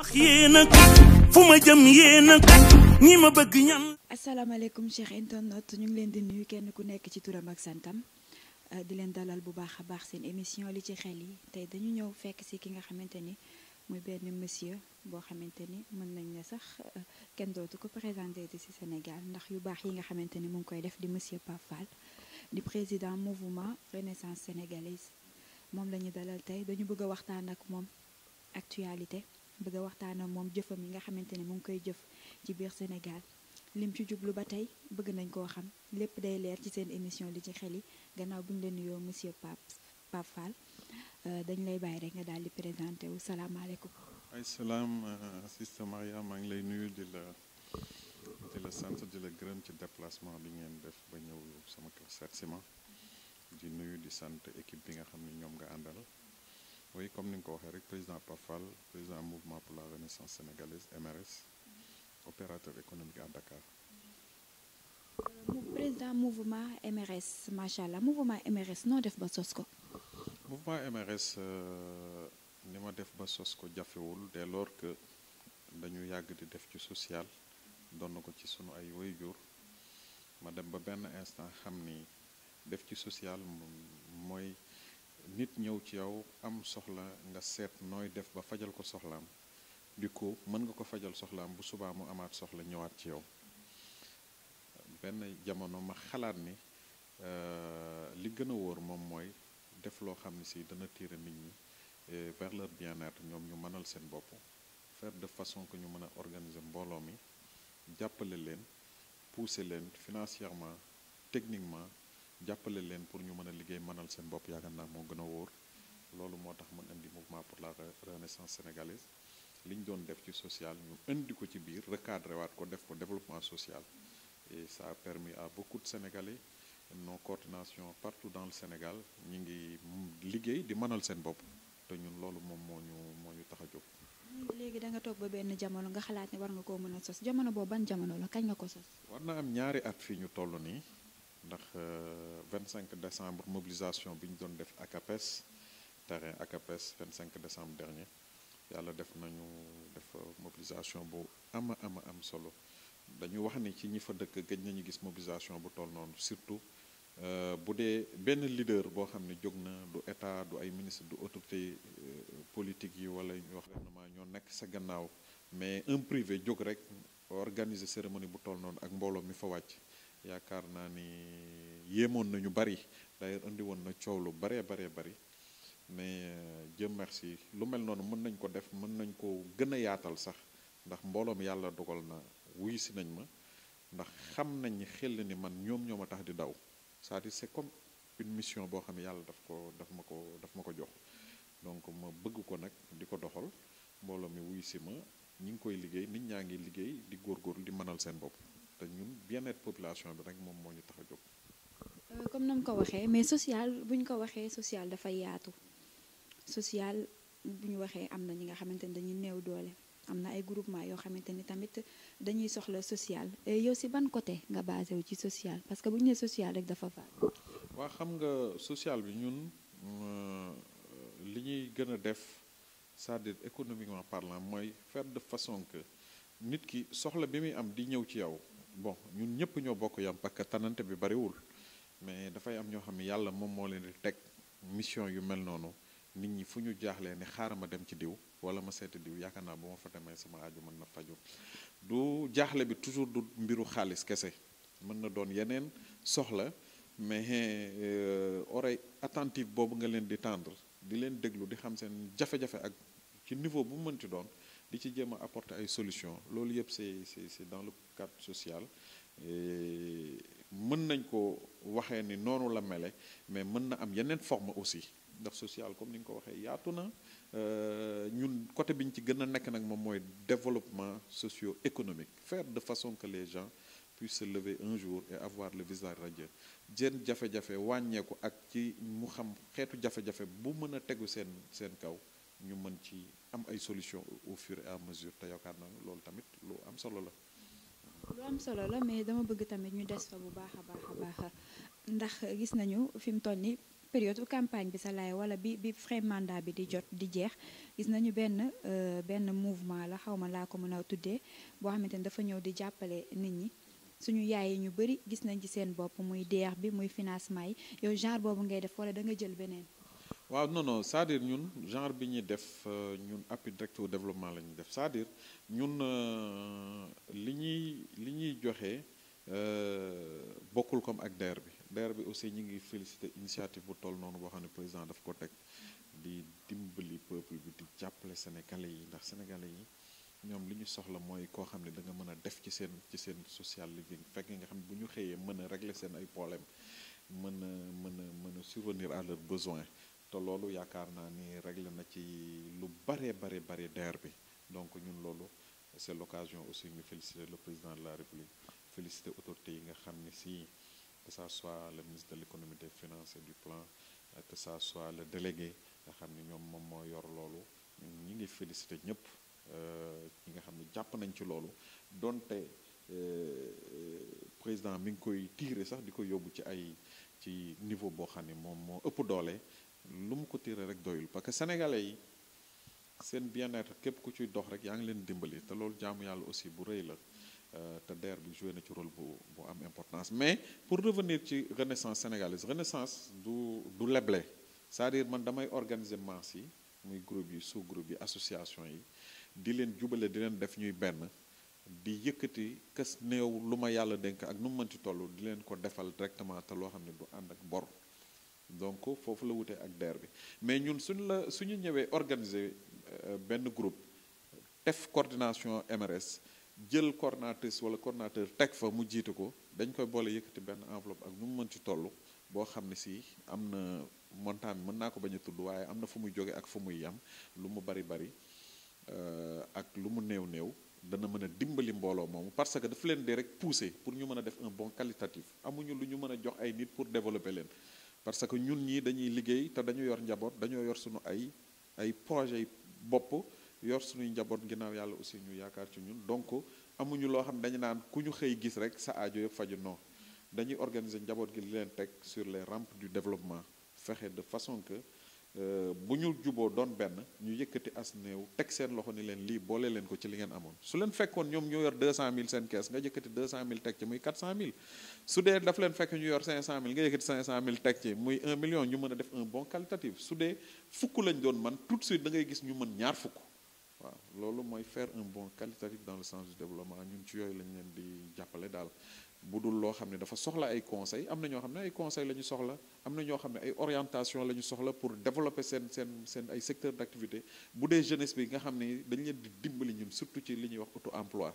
asalaamaaleykum chers internautes ñu ngi leen di nuyu kenn ku nekk ci turam ak santam euh, di leen dalal bu baax a baax seen émission li ci xel yi tey dañu ñëw fekk si ki nga xamante muy benn monsieur boo xamante ni mën nañ ne sax euh, kenn dootu ko présenté ci Sénégal ndax yu baax yi nga xamante mu ngi koy def di monsieur Pape Fall di président mouvement Renaissance sénégalaise moom la ñu dalal tey dañu bëgg waxtaan ak moom actualité bëgg a waxtaan ak moom jëfam yi nga xamante ne mu ngi koy jëf ci biir Sénégal lim ci jublu ba tey bëgg nañ koo xam lépp day leer ci seen émission li ci xel yi gannaaw bu ñu la nuyoo monsieur Pape Pape Fall euh, dañ lay bàyyi rek nga daal di présenté wu salaamaaleykum. ay salaam euh, sister Maria maa ngi lay nuyu di la di la sant di la gërëm ci déplacement bi ngeen def ba ñëw sama kër Setsima di nuyu di sant équipe bi nga xam ne ñoom nga àndal oui comme nous l'avons dit, président Pafal président mouvement pour la renaissance sénégalaise MRS opérateur économique à Dakar. Euh, président mouvement MRS Machala, le mouvement MRS non def ba Le mouvement MRS ni pas def ba sos euh, dès lors que nous avons eu def ci social dans nos côtés, ci sunu ay waajur ma dem ba benn instant que def social moi. nit ñëw ci yow am soxla nga seet nooy def ba fajal ko soxlaam du ko mën nga ko fajal soxlaam bu subaa mu amaat soxla ñëwaat ci yow benn jamono ma xalaat ni euh, li gën a wóor moom mooy def loo xam ne si dana tiire nit ñi vers leur bien ñoom ñu mënal seen bopp faire de façon que ñu mën a organiser mbooloo mi jàppale leen pousser leen financièrement techniquement jàppale leen pour ñu mën a liggéey mënal seen bopp yaakaar naa moo gën a wóor loolu moo tax mouvement pour la renaissance sénégalaise li ñu doon def ci social ñu indi ko ci biir recadré waat ko def ko développement social et ça a permis à beaucoup de sénégalais nos coordinations partout dans le Sénégal ñi ngi liggéey di mënal seen bopp te ñun loolu moom moo ñu moo ñu tax a jóg. léegi da nga toog ba benn jamono nga xalaat ne war nga koo mën a sos jamono boobu ban jamono la kañ nga ko sos. war na am ñaari at fii ñu toll nii. ndax 25 euh, décembre mobilisation bi ñu doon def ACAPES terrain ACAPES 25 décembre dernier yàlla def nañu def mobilisation bu ama ama am solo dañu wax ni ci ñi fa dëkk gëj nañu gis mobilisation bu toll noonu surtout euh, bu dee benn leader boo xam ne jóg na du état du ay ministre du autorité euh, politique yi wala ñu wax gouvernement ñoo nekk sa gannaaw mais un privé jóg rek organiser cérémonie bu toll noonu ak mbooloo mi fa wàcc yaakaar naa ni yéemoon nañu bari d'ailleurs indi woon na coow lu baree baree bari eh, mais Dieu merci lu mel noonu mën nañ ko def mën nañ ko gën a yaatal sax ndax mbooloom yàlla dogal na wuy si nañ ma ndax xam nañ ni xel ni man ñoom ñoo ma tax di daw c'est-à-dire c'est comme une mission boo xam ne yàlla daf ko daf ma ko daf ma ko jox donc ma bëgg ko nag di ko doxal mbooloo mi wuy si ma ñi ngi koy liggéey nit ñaa ngi liggéey di góorgóorlu di manal seen bopp te ñun bien-être population bi rek moom moo ñu tax a jóg. Euh, comme nam ko waxee mais social bu ñu ko waxee social dafay yaatu social bu ñu waxee am na ñi nga xamante ni dañuy néew doole am na ay groupement yoo xamante ni tamit dañuy soxla social yow si ban côté nga basé wu ci social parce que bu ñu nee social rek dafa vaat. waa xam nga social bi ñun euh, li ñuy gën a def c'est-à-dire économiquement parlant mooy faire de façon que nit ki soxla bi muy am di ñëw ci yow. bon ñun ñëpp ñoo bokk yam parce que tanante bi bariwul mais dafay am ñoo xam ne yàlla moom moo leen di teg mission yu mel noonu nit ñi fu ñu jaaxlee ni xaaral ma dem ci diw wala ma seeti diw yaakaar naa bu ma fa demee sama aju mën na faju du jaaxle bi toujours du mbiru xaalis kese mën na doon yeneen soxla mais euh, oreille attentive boobu nga leen di tendre di leen déglu di xam seen jafe-jafe ak ci niveau bu mu mënti doon di ci jéem apporter ay solutions. loolu c'est c'est dans le cadre social mën nañ ko waxee ni noonu la mele mais mën na am yeneen forme aussi ndax social comme ni nga ko waxee yaatu na euh, ñun côté bi ñu ci gën a nekk nag développement socio-économique faire de façon que les gens puissent se lever un jour et avoir le visage radieux jën Jafé jafe wàññeeku ak ci mu xam xeetu jafe-jafe bu mën a tegu Sen seen kaw ñu mën ci am ay solution au fur et à mesure te yaakaar na loolu tamit lu am solo la lu am solo la mais dama bëgg tamit ñu des fa bu baax a baax a baax ndax gis nañu fi mu toll ni période campagne bi sa laay wala bi bi frais mandat bi di jot di jeex gis nañu benn euh, benn mouvement la xaw ma laa ko mën a tuddee boo xamante ni dafa ñëw di jàppale nit ñi suñu yaay yi ñu bëri gis nañ ci seen bopp muy deex bi muy financement yi yow genre boobu ngay def wala da nga jël beneen waaw non non c'est-à-dire ñun genre bi ñuy def euh, ñun appui direct au développement la ñuy def c'est-à-dire ñun euh, li ñuy li ñuy joxe euh, bokkul comme ak DER bi DER bi aussi ñu ngi félicité initiative bu toll noonu boo xam ne président daf ko teg di dimbali peuple bi di jàppale sénégalais yi ndax sénégalais yi ñoom li ñu soxla mooy koo xam ne da nga mën a def ci seen ci seen social living fekk nga xam ne bu ñu xëyee mën a régler seen ay problème mën a mën a mën a subvenir à leurs besoins te loolu yaakaar naa ni réglé na ci lu bare bare bare DER bi donc ñun loolu c'est l'occasion aussi ñu féliciter le président de la République féliciter autorités yi nga xam ne si que ça soit le ministre de l'économie des finances et du plan que ça soit le délégué nga xam ne ñoom moom moo yor loolu ñi ngi féliciter ñëpp euh, ñi nga xam ne jàpp nañ ci loolu donte euh, président mi ngi koy tiire sax di ko yóbbu ci ay ci niveau boo xam ne moom moo ëpp doole lu mu ko tiré rek doyul parce que sénégalais yi seen bien-être képp ku ciy dox rek yaa ngi leen dimbali te loolu jaamu yàlla aussi bu rëy la euh, te DER bi joué na ci rôle bu bu am importance mais pour revenir ci renaissance sénégalaise renaissance du du leble cest man damay organiser mars yi muy groupe yi sous groupe yi association yi di leen jubale di leen def ñuy benn di yëkkati kës néew lu ma yàlla dénk ak nu mu mënti toll di leen ko defal directement loo xam ne du ànd ak donc foofu la wutee ak DER bi mais ñun suñu la suñu ñëwee organiser euh, benn groupe def coordination MRS jël coordinatrice wala coordinateur teg fa mu jiite ko dañ koy boole yëkkati benn enveloppe ak nu mu mën ci toll boo xam ne sii am na montant bi mën naa ko bañ a tudd waaye am na fu muy jóge ak fu muy yam lu mu bari bari euh, ak lu mu néew néew dana mën a dimbali mbooloo moomu parce que dafa leen di rek pousser pour ñu mën a def un bon qualitatif amuñu lu ñu mën a jox ay nit pour développer leen parce que ñun ñii dañuy liggéey te dañu yor njaboot dañoo yor suñu ay ay projet yi bopp yor suñuy njaboot ginnaaw yàlla aussi ñu yaakaar ci ñun donc amuñu loo xam dañu naan ku ñu xëy gis rek sa ajo yëpp faju non dañuy organiser njaboot gi li leen teg sur les rampes du développement fexe de façon que Euh, bu ñu juboo doon benn ñu yëkkati as néew teg seen loxo ni leen lii boole leen ko ci li ngeen amoon su leen fekkoon ñoom ñu yor 200000 seen kees nga yëkkati 200000 teg ci muy 400000 su dee daf leen fekk ñu yor 500000 nga yëkkati 500000 teg ci muy 1 million ñu mën a def un bon qualitatif su dee fukk lañ doon man tout suite da gis ñu mën ñaar fukk waaw loolu mooy faire un bon qualitatif dans le sens du développement ñun ci yooyu lañ leen di jàppale daal. bu dul loo xam ne dafa soxla ay conseil amna na ñoo xam ne ay conseil la ñu soxla amna na ñoo xam ne ay orientation la ñu soxla pour développer seen seen seen ay secteur d'activité bu dee jeunesse bi nga xam ne dañ leen di dimbali ñun surtout ci li ñuy wax auto emploi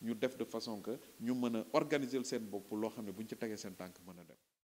ñu def de façon que ñu mën a organiser seen bopp loo xam ne bu ñu ci tegee seen tànk mën a